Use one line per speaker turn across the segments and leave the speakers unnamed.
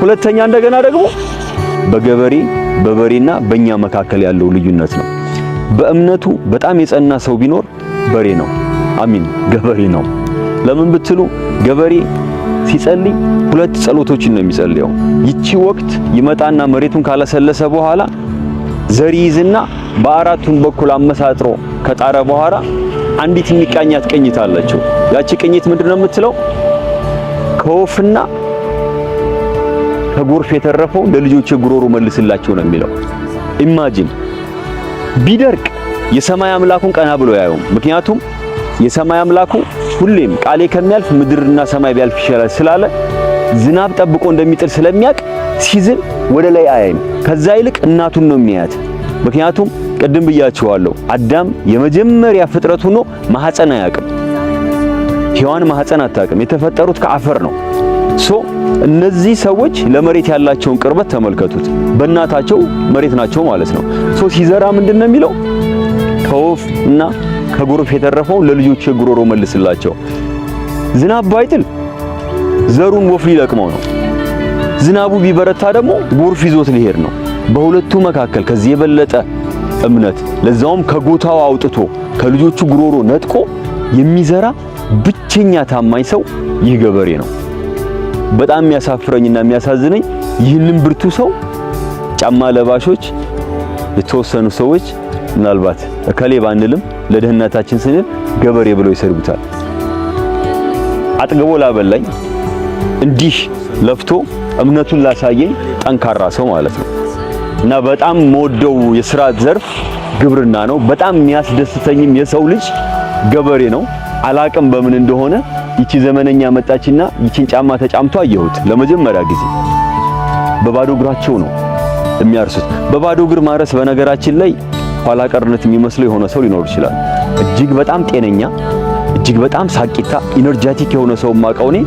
ሁለተኛ እንደገና ደግሞ በገበሬ በበሬና በእኛ መካከል ያለው ልዩነት ነው። በእምነቱ በጣም የጸና ሰው ቢኖር በሬ ነው፣ አሚን ገበሬ ነው። ለምን ብትሉ ገበሬ ሲጸልይ ሁለት ጸሎቶችን ነው የሚጸልየው። ይቺ ወቅት ይመጣና መሬቱን ካለሰለሰ በኋላ ዘር ይዝና በአራቱን በኩል አመሳጥሮ ከጣረ በኋላ አንዲት የሚቃኛት ቅኝት አለችው። ያቺ ቅኝት ምንድነው የምትለው? ከወፍና ከጎርፍ የተረፈው ለልጆች ጉሮሮ መልስላቸው ነው የሚለው። ኢማጂን ቢደርቅ የሰማይ አምላኩን ቀና ብሎ ያየውም። ምክንያቱም የሰማይ አምላኩ ሁሌም ቃሌ ከሚያልፍ ምድርና ሰማይ ቢያልፍ ይሻላል ስላለ ዝናብ ጠብቆ እንደሚጥል ስለሚያውቅ ሲዝን ወደ ላይ አያይም። ከዛ ይልቅ እናቱን ነው የሚያያት። ምክንያቱም ቅድም ብያችኋለሁ፣ አዳም የመጀመሪያ ፍጥረት ሆኖ ማህፀን አያውቅም። ሔዋን ማህፀን አታውቅም። የተፈጠሩት ከአፈር ነው። ሶ እነዚህ ሰዎች ለመሬት ያላቸውን ቅርበት ተመልከቱት። በእናታቸው መሬት ናቸው ማለት ነው። ሶ ሲዘራ ምንድን ነው የሚለው ከወፍ እና ከጎርፍ የተረፈውን ለልጆች ጉሮሮ መልስላቸው። ዝናብ ባይጥል ዘሩን ወፍ ሊለቅመው ነው። ዝናቡ ቢበረታ ደግሞ ጎርፍ ይዞት ሊሄድ ነው። በሁለቱ መካከል ከዚህ የበለጠ እምነት ለዛውም ከጎታው አውጥቶ ከልጆቹ ጉሮሮ ነጥቆ የሚዘራ ብቸኛ ታማኝ ሰው ይህ ገበሬ ነው። በጣም የሚያሳፍረኝና የሚያሳዝነኝ ይህንን ብርቱ ሰው ጫማ ለባሾች የተወሰኑ ሰዎች ምናልባት እከሌ ባንልም ለደህንነታችን ስንል ገበሬ ብለው ይሰድቡታል። አጥግቦ ላበላኝ እንዲህ ለፍቶ እምነቱን ላሳየኝ ጠንካራ ሰው ማለት ነው እና በጣም መወደው የስራ ዘርፍ ግብርና ነው። በጣም የሚያስደስተኝም የሰው ልጅ ገበሬ ነው። አላቅም በምን እንደሆነ ይቺ ዘመነኛ መጣችና ይቺን ጫማ ተጫምቶ አየሁት ለመጀመሪያ ጊዜ። በባዶ እግራቸው ነው የሚያርሱት። በባዶ እግር ማረስ በነገራችን ላይ ኋላ ቀርነት የሚመስለው የሆነ ሰው ሊኖር ይችላል። እጅግ በጣም ጤነኛ፣ እጅግ በጣም ሳቂታ፣ ኢነርጂቲክ የሆነ ሰው ማቀው እኔ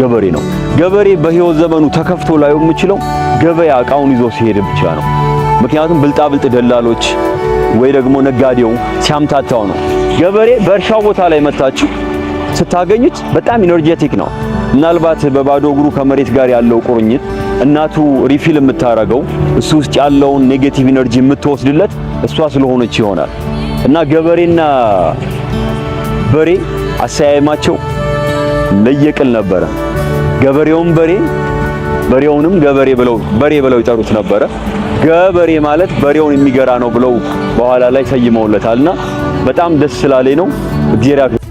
ገበሬ ነው። ገበሬ በህይወት ዘመኑ ተከፍቶ ላይ የምችለው ገበያ እቃውን ይዞ ሲሄድ ብቻ ነው። ምክንያቱም ብልጣብልጥ ደላሎች ወይ ደግሞ ነጋዴው ሲያምታታው ነው። ገበሬ በእርሻው ቦታ ላይ መታችሁ ስታገኙት በጣም ኢነርጄቲክ ነው። ምናልባት በባዶ እግሩ ከመሬት ጋር ያለው ቁርኝት እናቱ ሪፊል የምታረገው እሱ ውስጥ ያለውን ኔጌቲቭ ኢነርጂ የምትወስድለት እሷ ስለሆነች ይሆናል እና ገበሬና በሬ አሰያየማቸው ለየቅል ነበረ። ገበሬውም በሬ በሬውንም ገበሬ ብለው በሬ ብለው ይጠሩት ነበረ። ገበሬ ማለት በሬውን የሚገራ ነው ብለው በኋላ ላይ ሰይመውለታልና በጣም ደስ ስላለኝ ነው። እግዚአብሔር